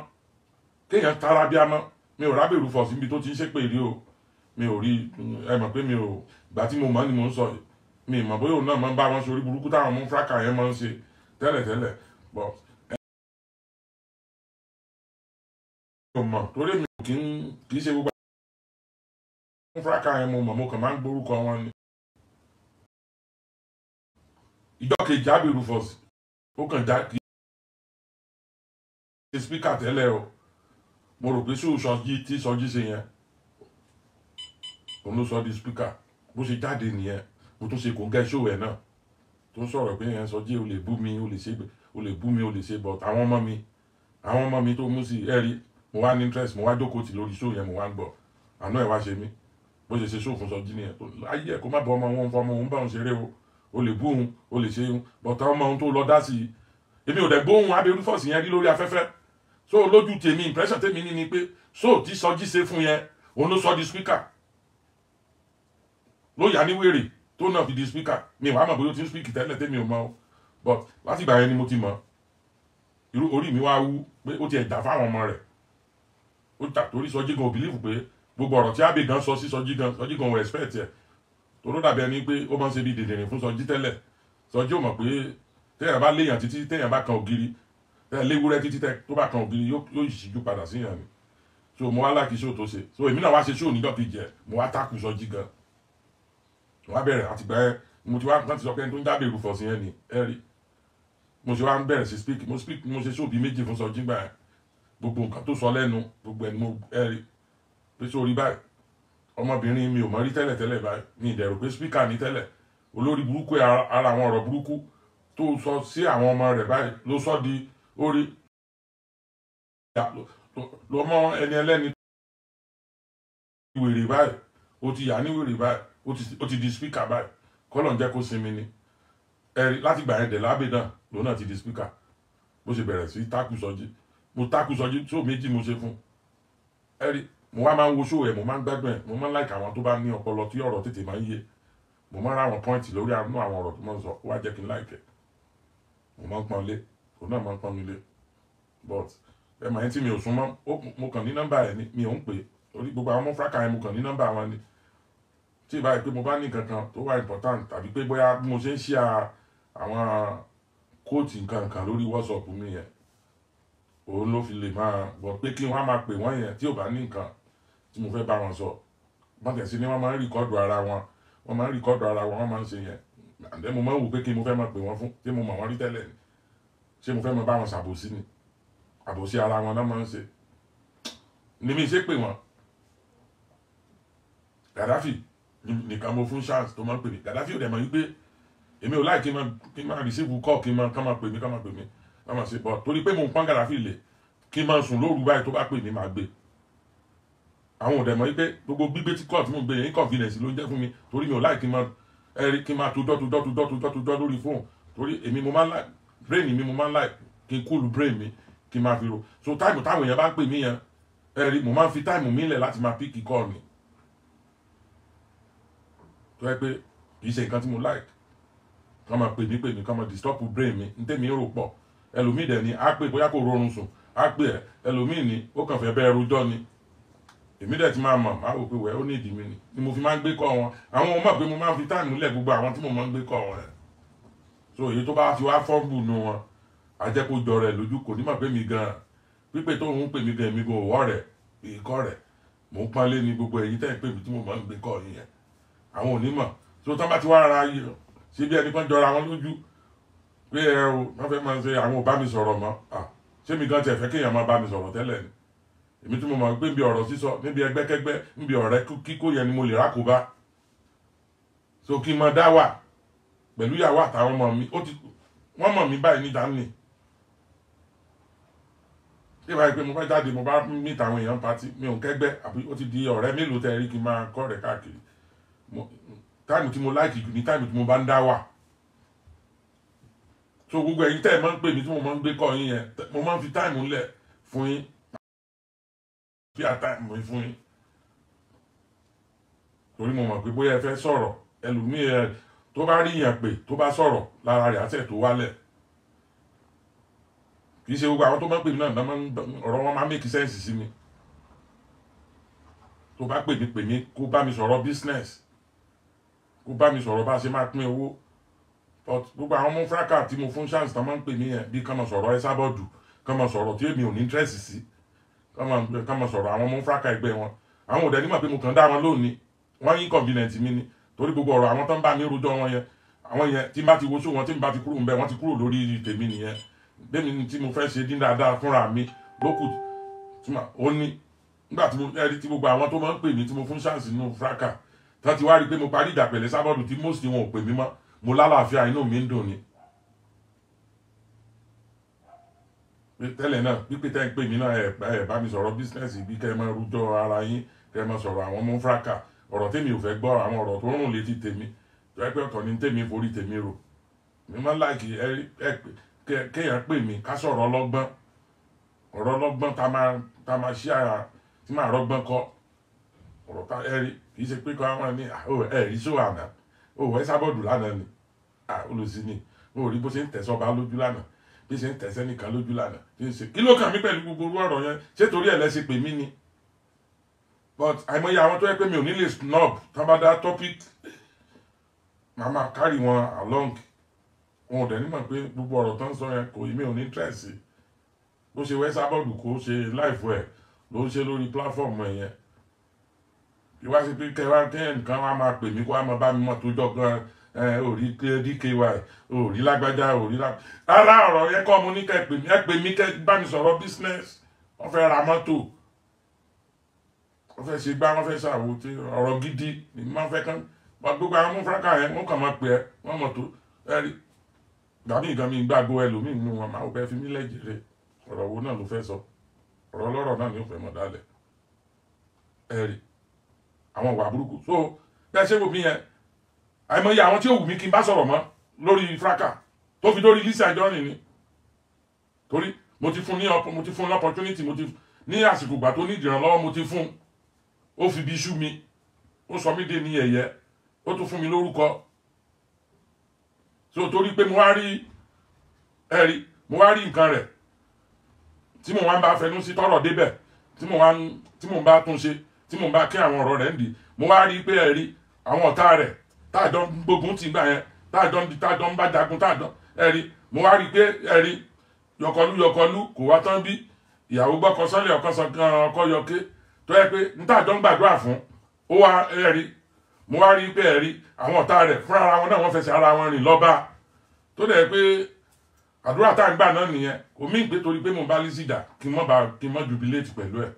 kéèyàn tara bí amọ́ mi ò rábèrú fọ̀ síbi tó ti ń ṣépè rí o mi ò rí ẹ mọ̀ pé mi ò gbà tí mo mọ̀ ni mo ń sọ yìí mi ì mọ̀ bóyá òun náà máa ń bá wọn sórí burúkú táwọn ọmọ fúráka yẹn máa ń ṣe tẹ́lẹ̀tẹ́lẹ̀ bọ̀ ẹ mọ̀ torí mi kì í ṣe gbogbo àwọn fúráka yẹn mo mọ̀ mo kàn máa ń gbórúkọ wọn ni ìjọ kejì ábìrú fọ̀sì ó kàn já kí ṣe spíkà tẹ́lẹ̀ o mo rò pé sóò sọjí tí sọjí ṣe yẹn òun ló sọ di spíkà bó ṣe jáde nìyẹn mo tún ṣe kò ń gẹ́ sóò náà tó ń sọ̀rọ̀ pé yẹn sọjí o lè bú mi o lè bú mi o lè ṣe bọ̀ àwọn ọmọ mi àwọn ọmọ mi tó mú sí ẹ rí mo wá ní interest mo wá jókòó lórí sóò yẹn mo wá ń gbọ́ àná ẹ̀ wá ṣe mí bó ṣe ṣe sóò fún sọjí nìyẹn ayé ẹ̀ kó má bọ ọmọ wọn fọmọ òun bá òun ṣeré o o lè bú o lè ṣe òun bọ̀tà ọmọ òun tó lọ dá sí i èmi ò dẹ̀ gbóhùn Abbey Rufus yẹn rí lórí afẹ́fẹ́ so lójú tèmi impression tèmi ní ni pé so ti sọjí ṣe fún yẹn òun ló sọ di speaker ló yà ní wèrè tó náà fi di speaker mi wàá mọ̀ bóyá ó ti ń speak tẹ́lẹ̀ tèmi ò mọ̀ o but láti ìgbà yẹn ni mo ti mọ̀ irú orí mi wá wú pé ó ti ẹ̀ dà fáwọn ọmọ rẹ̀ ó ta torí sọjí gan ò bìlífù pé gbogbo ọ̀rọ̀ tí Abbey sọ sí sọjí gan sọjí gan ò respect yẹn toró dàbí ẹni pé ó máa ń ṣe bí dìdìrín fún sọjí tẹ́lẹ̀ sọjí ò mọ̀ pé téèyàn bá léèyàn títí téèyàn bá kan ògiri téèyàn léwúrẹ́ títí tó bá kan ògiri yóò ṣíjú padà síyàn ni so mo wá láàkì ṣóò tó ṣe so èmi náà wá ṣe ṣóò níjọ́ kejì ẹ̀ mo wá tákù sọjí gan mo wá bẹ̀rẹ̀ àtìgbà ẹ mo ti wá nǹkan ti sọ pé ẹni tó ń dábèrè fọ̀ sí yẹn ni ẹ rí mo ṣe wá ń bẹ̀rẹ̀ sí speak mo speak mo ṣe ṣóò bíi méjì fún sọjí gbà yẹn gbogbo nǹkan tó sọ lẹ́nu gbogbo ẹni mo ẹ rí pé ṣóò báyìí ọmọbìnrin mi ò mọ̀ rí tẹ́lẹ̀ tẹ́lẹ̀ báyìí ni ìdẹ̀rù pé spíkà ní tẹ́lẹ̀ olórí burúkú ara àwọn ọ̀rọ̀ burúkú tó sọ sí àwọn ọmọ rẹ̀ báyìí ló sọ di orí lọ mọ ẹni ẹlẹ́ni wèrè báyìí ó ti yà ní wèrè báyìí ó ti di spíkà báyìí kọ́lọ̀ ń jẹ́ kó sinmi ni ẹ̀rí láti gbà yẹn dẹ̀ lábẹ́dàn lòun náà ti di spíkà bó ṣe bẹ̀rẹ̀ sí tákù sọjí mo tákù sọjí tó méjì mo ṣe fún ẹ̀rí mo wá máa ń wo ẹ mo máa ń gbádùn mo máa ń láìka àwọn tó bá ní ọpọlọ tí ọ̀rọ̀ tètè máa ń yé mo máa ń ra àwọn pọ́ìntì lórí àánú àwọn ọ̀rọ̀ tó máa ń sọ wá jẹ́ kí n láìkẹ́ mo máa ń pọn lé òun náà máa ń pọn mi lé but ẹ mà yín mi ò sún mo kàn ní nọ́mbà ẹ̀ ni mi ò ń pè orí gbogbo àwọn ọmọ yẹn mo kàn ní nọ́mbà wọn ni tí ì báyìí pé mo bá ní nǹkan tó wà important tàbí pé bóyá mo ṣe ń ṣe àwọn kóòtù nǹkan lórí WhatsApp mi yẹn òun ló fi lè máa gbọ́ pé kí wọ́n á máa pè wọ́n yẹn tí ò bá ní nǹkan tí mo fẹ́ bá wọn sọ bákẹ́sì ni wọ́n máa ń rìkọ́dù ara wọn wọ́n máa ń rìkọ́dù ara wọn wọ́n máa ń ṣe yẹn àǹdẹ́ mo máa ń wò pé kí mo fẹ́ máa pè wọ́n fún ṣé mo mọ̀ wọ́n rí tẹ́lẹ̀ ni ṣé mo fẹ́ máa bá wọn ṣàbòsí ni àbòsí ara wọn náà máa ń ṣe ni mi ṣe pè wọ́n Gaddafi nìkan mo fún chance tó máa ń pè mí Gaddafi ò dẹ̀ mọ̀ wípé èmi ò láì kí n máa kí n máa receive call kí n máa pè mí kán máa máa ṣe bọ́ torí pé mo ń pọ́n Gaddafi lè kí n máa sùn lóru báyìí tó bá pè mí máa gbé àwọn ọ̀dẹ̀ mọ̀ wípé gbogbo gbígbé tí court mú un inconvenience ló ń jẹ́ fún mi torí mi ò láì kí n máa ẹ̀rí kí n máa tojọ́ tojọ́ tojọ́ tojọ́ tojọ́ lórí fóònù torí èmi mo máa ń láì brain mi mo máa ń láì kí n kúlù brain mi kí n máa fi ro so táìmù táwọn èèyàn bá pè mí yẹn ẹ̀rí mo máa ń fi táìmù mi lẹ̀ láti máa píkì kọ́ mi tó yẹ pé kì í ṣe nǹkan tí mo like kàn máa pè mí pè mí kàn máa disturb brain mi ní tèmi rò pọ̀ ẹlòmíì dẹ̀ ni á pè bóyá kò rọrùn sùn á pè ẹ ẹlòmíì ni ó kàn fẹ́ bẹ́ẹ̀ rojọ́ ni èmi dẹ̀ ti máa mọ̀ máa wò pé wẹ́ ó ní ìdí mi ni ni mo fi máa ń gbé kọ́ wọn àwọn ọmọ pé mo máa ń fi táìmù lẹ̀ gbogbo àwọn tí mo máa ń gbé kọ́ wọn rẹ̀ so èyí tó bá fi wá fọ́ọ̀bù nu wọn àjẹkójọ rẹ̀ lójú kò ní mọ̀ pé mi gan pípé tó ń pè mí gan èmi gan òwọ́ rẹ̀ ìkọ́ rẹ̀ mò ń pọ́nlé ní gbogbo èyí tẹ́ ń pè mí tí mo máa ń gbé kọ́ yìí yẹn àwọn onímọ̀ so tán bá ti wá ara yìí èmi tí mo mọ̀ pé níbi ọ̀rọ̀ sísọ níbi ẹgbẹ́kẹ́gbẹ́ níbi ọ̀rẹ́ kíkó yẹn ni mo lè rákòbá so kí n mọ dá wà pẹ̀lú ìyàwó àtàwọn ọmọ mi wọ́n mọ̀ mí báyìí ní Germany tí ìbáyìí pé mo bá jáde mo bá mí tàwọn èèyàn pati mi ò kẹ́gbẹ́ àbí ó ti di ọ̀rẹ́ mélòó tẹ́ rí kí n máa kọ́ rẹ̀ káàkiri táìmù tí mo láìkì jù ní táìmù tí mo bá ń dá wà so gbogbo ẹ̀yin tẹ́ ẹ̀ máa ń pè mí tí mo máa ń gbé kọ́ yín yẹn mo máa ń fi táìmù ńlẹ̀ fún yín bí àtàìmọ̀ ìfún yín torí mo mọ̀ pé bóyá ẹ fẹ́ sọ̀rọ̀ ẹlòmíì ẹ tó bá rí yàn pé tó bá sọ̀rọ̀ lára rẹ̀ àtẹ̀ tó wálẹ̀ kì í ṣe gbogbo àwọn tó máa ń pè mí náà ọ̀rọ̀ wọn máa ń make sense sí mi tó bá pè mí pè mí kó bá mi sọ̀rọ̀ business kó bá mi sọ̀rọ̀ bá ṣe máa pín owó gbogbo àwọn ọmọ fúrákà tí mo fún chance tán máa ń pè mí yẹn bí kán máa sọ̀rọ̀ ẹ sábọ̀dù kán máa sọ̀rọ̀ tí èmi ò ní interest sí ká máa sọ̀rọ̀ àwọn ọmọ ń fúráka ẹgbẹ́ wọn àwọn òdẹ nímọ̀ pé mo kàn dá wọn lónìí wọ́n yín convenient mi ni torí gbogbo ọ̀rọ̀ àwọn tó ń bá mi rojọ́ wọn yẹn àwọn yẹn tí n bá ti wo sóun wọn tí n bá ti kúrò ń bẹ wọ́n ti kúrò lórí tèmi nìyẹn bẹ́ẹ̀ni tí mo fẹ́ ṣe dín dáadáa fúnra mi lókù ó ní nígbà tí mo ẹrí tí gbogbo àwọn tó máa ń pè mí tí mo fún ṣáǹsì nínú fúráka tó ti wá rí i pé mo parí ìjà pẹ̀lẹ́ tí most wọn ò pè mí mọ́ mo lálàáfíà inú mi ń dùn ni tẹ́lẹ̀ náà pípé tẹ́ ń pè mí náà ẹ̀ bá mi sọ̀rọ̀ bísínẹ́sì bí kẹ́ ẹ máa rújọ́ ara yín kẹ́ ẹ máa sọ̀rọ̀ àwọn ọmọ fúráka ọ̀rọ̀ tèmi ò fẹ́ gbọ́ àwọn ọ̀rọ̀ tó rùn létí tèmi tó ẹ pé ọ̀tọ̀ ni tèmi forí tèmi rò mi máa ń láìkì ẹ kéèyàn pè mí ká sọ̀rọ̀ ọlọ́gbọ́n ọ̀rọ̀ ọlọ́gbọ́n tá a máa ṣí ara tí máa rọ́gbọ́n kọ́ ọ̀rọ̀ tá ẹ rí kì í ṣe pé kọ́ àwọn ní ẹ ni olùsí ni ó rí bó ṣe ń tẹ̀sọ́ bá bí ṣe ń tẹ̀sẹ́ nìkan lójú lànà bí ṣe kí ló kàn mí pẹ̀lú gbogbo orú ọ̀rọ̀ yẹn ṣé torí ẹ̀ lẹ́sìn pè mí ni but àìmọye àwọn tó yẹ pé mi ò ní lè snob tán bá dá topic màá máa carry wọn along wọn ò dẹ̀ nímọ̀ pé gbogbo ọ̀rọ̀ tó ń sọ yẹn kò mí ò ní interest bó ṣe wẹ́sà bọ́ọ̀lù kó ṣe life ẹ̀ ló ń ṣe lórí platform ẹ̀ yẹn ìwá kẹwàá kẹ́hìn kan wá máa pè mí kó wá máa bá mi mọ̀ tó jọ gan-an ò rí dky ò rí lágbájá ò rí lágbájá ara ọ̀rọ̀ yẹn kọ́ mu ní kẹ́pẹ́ mi ẹgbẹ́ mi kẹ́ bá mi sọ̀rọ̀ business wọ́n fẹ́ ra mọ́tò wọ́n fẹ́ ṣe gbá wọ́n fẹ́ ṣàwò tí ọ̀rọ̀ gidi ni mo máa fẹ́ kán wọ́n gbogbo àwọn múfúráká yẹn wọ́n kàn máa pè ẹ́ wọ́n mọ̀ tó ẹ rí gbàmí ìgbàmí gbàgbó ẹlòmíì nínú wọn máa fẹ́ fi mí lẹ́jẹ̀rẹ̀ ọ̀rọ̀ wo náà ló fẹ́ sọ ọ̀rọ̀ ọlọ́rọ̀ náà ni ó fẹ́ mọ̀ dálẹ̀ ẹ rí àwọn ìwà burúkú so bẹ́ẹ̀ ṣé wo bí yẹn àìmọye àwọn tí ó wù mí kí n bá sọ̀rọ̀ mọ́ lórí fraka tó fi lórí Lizzy Anjorin ni torí mo ti fún ní ọpọ mo ti fún ní opportunity mo ti ní àsìkò ìgbà tó ní ìdìrànlọ́wọ́ mo ti fún ó fi bí iṣu mi ó sọ mí dé ní ẹ̀yẹ ó tún fún mi lórúkọ so torí pé mo wá rí ẹ̀rí mo wá rí nǹkan rẹ̀ tí mo wá ń bá fẹnu sí tọrọ débẹ̀ tí mo wá ń tí mo ń bá tún ṣe tí mo ń bá kí àwọn ọ̀rọ̀ rẹ̀ ń di mo wá rí pé ẹ̀rí àwọn ọ̀tá rẹ̀ tá a jọ ń gbógun ti gbà yẹn tá a jọ tá a jọ ń bá jagun tá a jọ ẹ̀rí mo wá rí i pé ẹ̀rí yọkọlú yọkọlú kò wá tán bí ìyàwó gbọ́kọ sọ́lẹ̀ ọ̀kan sọ̀kan ọkọ yọké tó yẹ pé n tá a jọ ń gbàdúrà fún ó wá ẹ̀rí mo wá rí i pé ẹ̀rí àwọn ọ̀tá rẹ̀ fúnra ara wọn náà wọ́n fẹsẹ̀ ara wọn rìn lọ́ba tó dẹ̀ pé àdúrà tá à ń gbà náà nìyẹn omi ìgbé torí pé mo bá lé sídà kí n mọ́ bá kí n mọ́ jubilate pẹ̀lú ẹ̀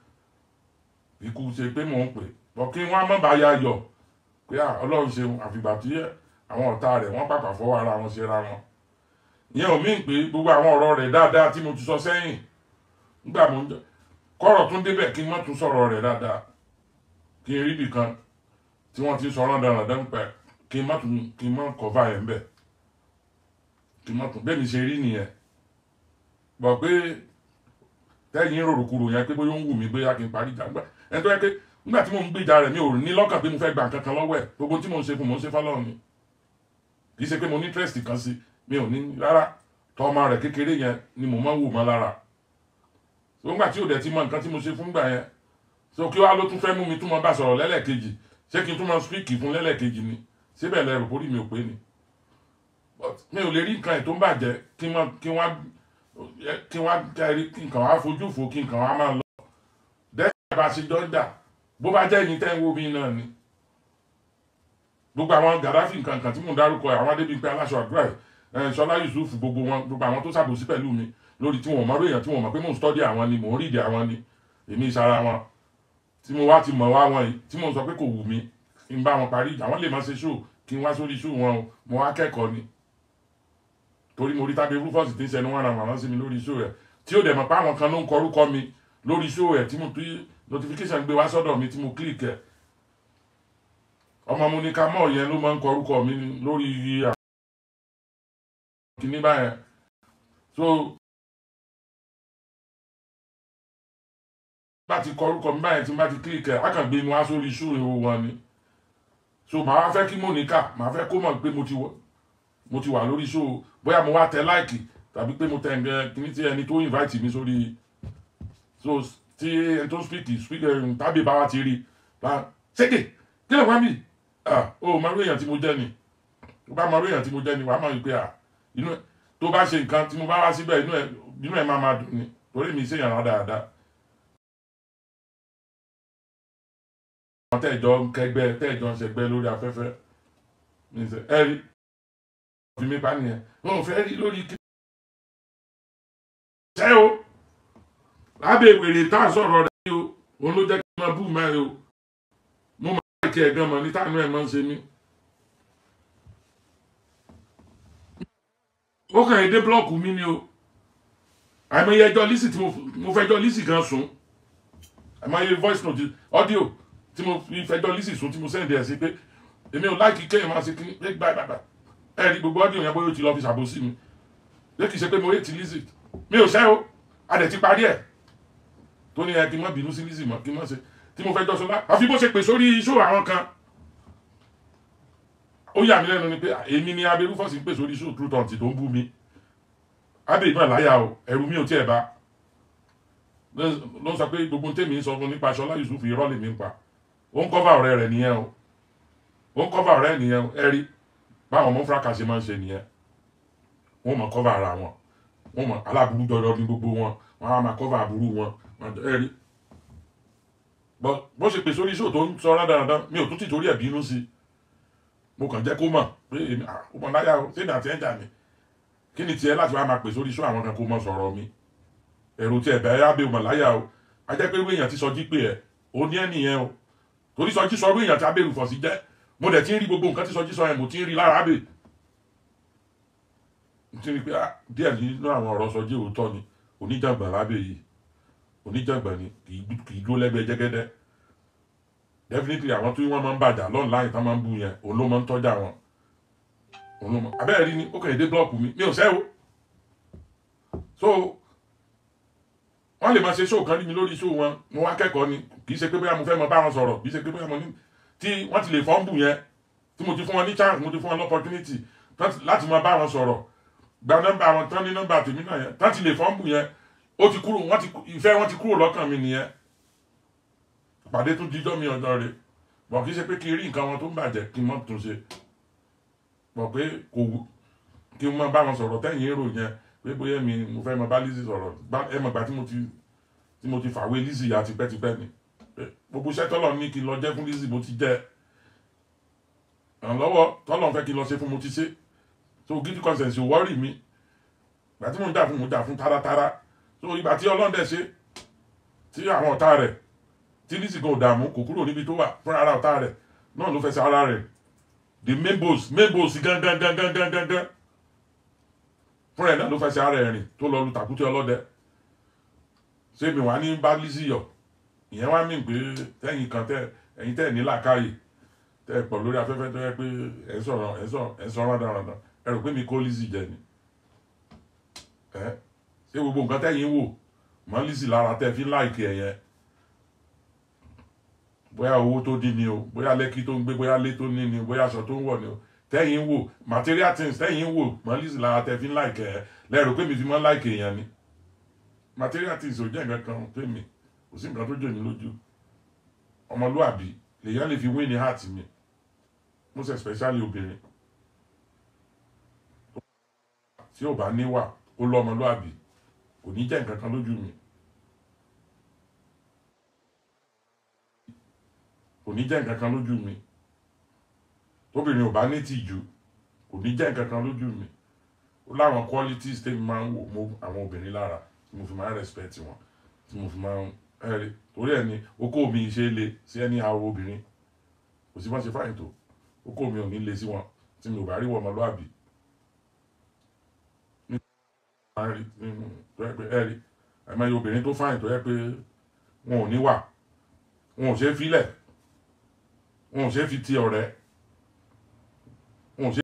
ikú ṣe pé mò ń pè bọ́ kí wọ́n á mọ́ bá ya yọ̀ pé ọlọ́run ṣeun àfìgbà tí àwọn ọ̀tá rẹ̀ wọ́n pàpà fọwọ́ ara wọn ṣe ra wọn ìyẹn ò mín pé gbogbo àwọn ọ̀rọ̀ rẹ̀ dáadáa tí mo ti sọ sẹ́yìn nígbà mo ń jẹ kọ́rọ̀ tún débẹ̀ kí n má tún sọ̀rọ̀ rẹ̀ dáadáa kí n rí ibì kan tí wọ́n ti sọ̀rọ̀ dáadáa nípa kí n má tún kí n má kọ́fà yẹn bẹ̀ kí n má tún bẹ́ẹ̀ mi ṣe rí nìyẹn gbọ́ pé tẹ́yìn rorokoro yẹn pé bóyá ó ń wù mí bóyá kí n parí ìjà nígbà ẹni tó yẹ pé nígbà tí mo ń gbèjà rẹ̀ mi ò ní lọ́kàn pé mo fẹ́ gba nǹkan kan lọ́wọ́ ẹ̀ gbogbo tí mo ń ṣe fún mo ń ṣe fọ́lọ́run ni kì í ṣe pé mo ní interest kan sí mi ò ní rárá tọ́ ọmọ rẹ̀ kékeré yẹn ni mo máa ń wò mọ́ lára nígbà tí ò dẹ̀ ti mọ nǹkan tí mo ṣe fúngbà yẹn so kí wàá ló tún fẹ́ mú mi tún mọ bá sọ̀rọ̀ lẹ́lẹ́kejì ṣé kí n tún mọ spíkì fún lẹ́lẹ́kejì ni síbẹ̀ lẹ́rù borí mi ò pé ni mi ò lè rí nǹkan ẹ̀ ń bàjẹ́ kí wọ́n kí wọ́n kí nǹkan wá fojú fo kí nǹkan wá máa lọ dẹ́sẹ̀ bá ṣe jọ bó bá jẹ́ ẹ̀yin tẹ́ mi náà ni gbogbo àwọn Gaddafi nǹkan tí mò ń dárúkọ àwọn Adébímpé aláṣọ àdúrà ẹ̀ Ṣọlá Yusuf gbogbo wọn gbogbo àwọn tó ṣàbòsí pẹ̀lú mi lórí tí wọn mọ lóyìn tí wọn mọ pé mò ń stọ́dí àwọn ni mò ń rídìí àwọn ni èmi ìsara wọn tí mo wá ti mọ̀ wá wọn yìí tí mò ń sọ pé kò wù mí kí n bá wọn parí ìjà wọn lè má ṣe ṣó kí n wá sórí ṣó wọn o mo wá kẹ́kọ̀ọ́ ni torí mo rí tábí rúfọ́ọ̀sì tí ń sẹnu wọn ra màmá sí mi lórí ṣó rẹ̀ tí ó dẹ̀ mọ̀ pé àwọn kan ló ń kọrúkọ mi lórí ṣó rẹ̀ tí mo notification gbé wá sọ́dọ̀ mi tí mo click ẹ̀ ọmọ mo ní ká mọ̀ yẹn ló máa ń kọ orúkọ mi lórí àwọn kìíní báyẹn so bá ti kọ orúkọ mi báyẹn tí n bá ti click ẹ̀ akàgbé mi wá sórí iṣu ìhò wọn ni so màá wá fẹ́ kí Monica màá fẹ́ kó mọ̀ pé mo ti wọ mo ti wà lórí iṣu bóyá mo wá tẹ láìkì tàbí pé mo tẹ ǹkan kìíní tí ẹni tó invite mi sórí so tí ẹni tó ń spíkì tábì bá wa ti rí ṣéke kí lè wá mí o mọ̀rú èèyàn tí mo jẹ́ ni tó bá mọ̀rú èèyàn tí mo jẹ́ ni wàá mọ̀ wípé inú tó bá ṣe nǹkan tí mo bá wá síbẹ̀ inú ẹ̀ máa máa dùn ni torí mi ṣèyàn rán dáadáa. àwọn tẹ́ẹ̀jọ ń kẹgbẹ́ tẹ́ẹ̀jọ ń ṣẹgbẹ́ lórí afẹ́fẹ́ ẹ rí fi mi pa nìyẹn wọn ò fẹ́ rí lórí kí. ṣé o abe wèrè tá à ń sọ̀rọ̀ rẹ̀ yìí o òun ló jẹ́ kí n máa bú máa o mo máa ń kí ẹ̀gbọ́n mọ̀ ní tánú ẹ̀ máa ń ṣe mí. ó kàn yín dé búlọ́ọ̀kù mi ni o àìmọye ẹjọ́ lísì tí mo fẹjọ́ lísì gan sùn àìmọye voice note audio tí mo fi fẹjọ́ lísì sùn tí mo sẹ́ndì ẹ̀ sí pé èmi ò láìkí kéèyàn máa ṣe kíní gbà gbàgbà ẹ̀rí gbogbo audio yẹn bóyá ó ti lọ fi ṣàbòsí mi lé kìí ṣe pé mo rèé ti lísì mi ò ṣẹ́ o a dẹ̀ ti parí ẹ̀ tó ní ẹ kí n má bínú sí Lizzy mọ́ kí n má ṣe tí mo fẹ́ jọ́sọ bá àfi bó ṣe pè sórí iṣó àwọn kan ó yà mí lẹ́nu ni pé èmi ni abẹ rúfọ́sì ń pè sórí iṣó true tọ́ǹtì tó ń bú mi abẹ ìmọ̀ láyà o ẹ̀rù mi ò tiẹ̀ bá ló ń sọ pé gbogbo tèmi ń sọ fún nípa Ṣọlá Yusuf irọ́ lèmi ń pa ó ń kọ́fà ọ̀rẹ́ rẹ̀ nìyẹn o ó ń kọ́fà ọ̀rẹ́ nìyẹn ẹ rí báwọn ọmọ fúlàkà ṣe máa ń ṣe nìyẹn wọ́n mọ̀ kọ́fà ara wọn wọ́n mọ̀ aláburú dọ́dọ́ ní gbogbo wọn wọ́n á máa kọ́fà aburú wọn ẹ̀rí um, bó ṣe pèsè oníṣòwò tó ń sọ rádaràdá mi ò tún ti torí ẹ̀ sí i mo kàn jẹ́ kó mọ̀ pé èmi ah, ó mọ̀ láyà ó sínú àti ẹ̀jà mi kí ni tiẹ̀ láti wá máa pèsè oníṣòwò àwọn kan kó mọ̀ sọ̀rọ̀ mi ẹ̀rù tiẹ̀ bẹ́ẹ̀ á mọ̀ láyà o a jẹ́ pé irú èèyàn ti sọjí pé ẹ̀ ó ní ẹnìyẹn o torí sọjí sọ irú èèyàn ti abẹ́rù fọ̀ sí jẹ́ mo dẹ̀ ti ń rí gbogbo nǹkan tí sọjí sọ yẹn mo ti ń rí lára abẹ́ mo ti rí pé ah, díẹ̀ nínú àwọn ọ̀rọ̀ sọjí òótọ́ ni oníjàgbà lábẹ́ yìí oníjàngbọ̀n ni kì í dúró lẹ́gbẹ̀ẹ́ jẹ́gẹ́dẹ́ definitely àwọn tí wọ́n máa ń bàjá lọ́nláì tán máa ń bu yẹn òun ló máa ń tọ́jà wọn òun ló máa abẹ́rẹ́ rí ni ó kàn dé blọ́ọ̀kù mi mi ò sẹ́wó so wọ́n lè máa ṣe ṣóò kan rí mi lórí ṣóò wọn mo wá kẹ́kọ̀ọ́ ni kì í ṣe pé bóyá mo fẹ́ mọ bá wọn sọ̀rọ̀ kì í ṣe pé bóyá mo ní tí wọ́n ti lè fọ́n bù yẹn tí mo ti fún wọn ní chance mo ti fún wọn l'opportunity láti máa bá wọn sọ̀rọ̀ gba nọ́mbà wọn tán ní nọ́mbà tèmi náà yẹn tán ti lè fọ́n bù yẹn ó ti kúrò wọ́n ti ìfẹ́ wọn ti kúrò lọ́kàn mi nìyẹn pàdé tó jíjọ́ mi ọjọ́ rẹ̀ bọ̀ kí ṣe pé kí n rí nǹkan wọn tó ń bàjẹ́ kí n mọ̀ tún ṣe bọ̀ pé kò wù kí n mọ bá wọn sọ̀rọ̀ tẹ́yìn èrò yẹn pé bóyá mi mo fẹ́ mọ bá Lizzy sọ̀rọ̀ ẹ mọ̀ gbà tí mo ti fàwé Lizzy ya tipẹ́tipẹ́ ni gbogbo iṣẹ́ tọ́lọ̀ ní kí n lọ jẹ́ fún Lizzy mo ti jẹ́ ìrànlọ́wọ́ tọ́lọ̀ fẹ́ kí n lọ ṣe fún mo ti ṣe so gidi consent ò wọ́rì mi gbà tí mo ń dà fún mo dà fún táratára so ìgbà tí ọlọ́run dẹ̀ ṣe tí àwọn ọ̀tá rẹ̀ tí Lizzy gan dààmú kò kúrò níbi tó wà fúnra ara ọ̀tá rẹ̀ náà ló fẹsẹ̀ ara rẹ̀ the main boss main boss gangan gangan gangan gangan fúnra ẹ̀ náà ló fẹsẹ̀ ara ẹ̀ rìn tó lọ lu tàkútẹ́ ọlọ́dẹ ṣé mi wà ní bá Lizzy yọ ìyẹn wá mí pé tẹ́yìn kan tẹ́ ẹ̀yin tẹ́ ní làákàyè tẹ́ pọ̀ lórí afẹ́fẹ́ tó yẹ pé ẹ̀ ń sọ̀rọ̀ ẹ̀ ń sọ̀rọ̀ rádaràdà ẹ rò pé mi kó Lizzy jẹ ni ṣé gbogbo nǹkan tẹ́yìn wò mọ́lísì lára tẹ́ fi ń láìkì ẹ̀ bóyá owó tó dín ni o bóyá lẹ́kí tó ń gbé bóyá lé tó ní ni bóyá aṣọ tó ń wọ̀ ni o tẹ́yìn wò material things tẹ́yìn wò mọ́lísì lára tẹ́ fi ń láìkì ẹ̀ lẹ́rù pé mi fi mọ́ láìkì èèyàn ni material things ò jẹ́ nǹkan kan pé mi kò sí nǹkan tó jò ní lójú ọmọlúàbí lèyàn lè fi win ní heart mi most especially obìnrin tí ò bá níwà ó lọ́mọlúàbí kò ní jẹ́ nǹkan kan lójú mi kò ní jẹ́ nǹkan kan lójú mi tóbìnrin ò bá ní tìjú kò ní jẹ́ nǹkan kan lójú mi ó láwọn qualities tèmi máa ń wò mọ́ àwọn obìnrin lára tí mo fi máa ń respect wọn tí mo fi máa ń ẹ̀rí torí ẹ̀ ni okó mi ṣe le sí ẹni àwọn obìnrin kò sí bá ṣe fáyìn tó mi ò ní le sí wọn tí mi ò bá rí wọn ọmọlúàbí Mm, ẹ̀rí obìnrin tó fáyìn tó yẹ pé wọn ò níwà wọn ò ṣe é filẹ̀ wọn ò ṣe é fi ti ọ̀rẹ́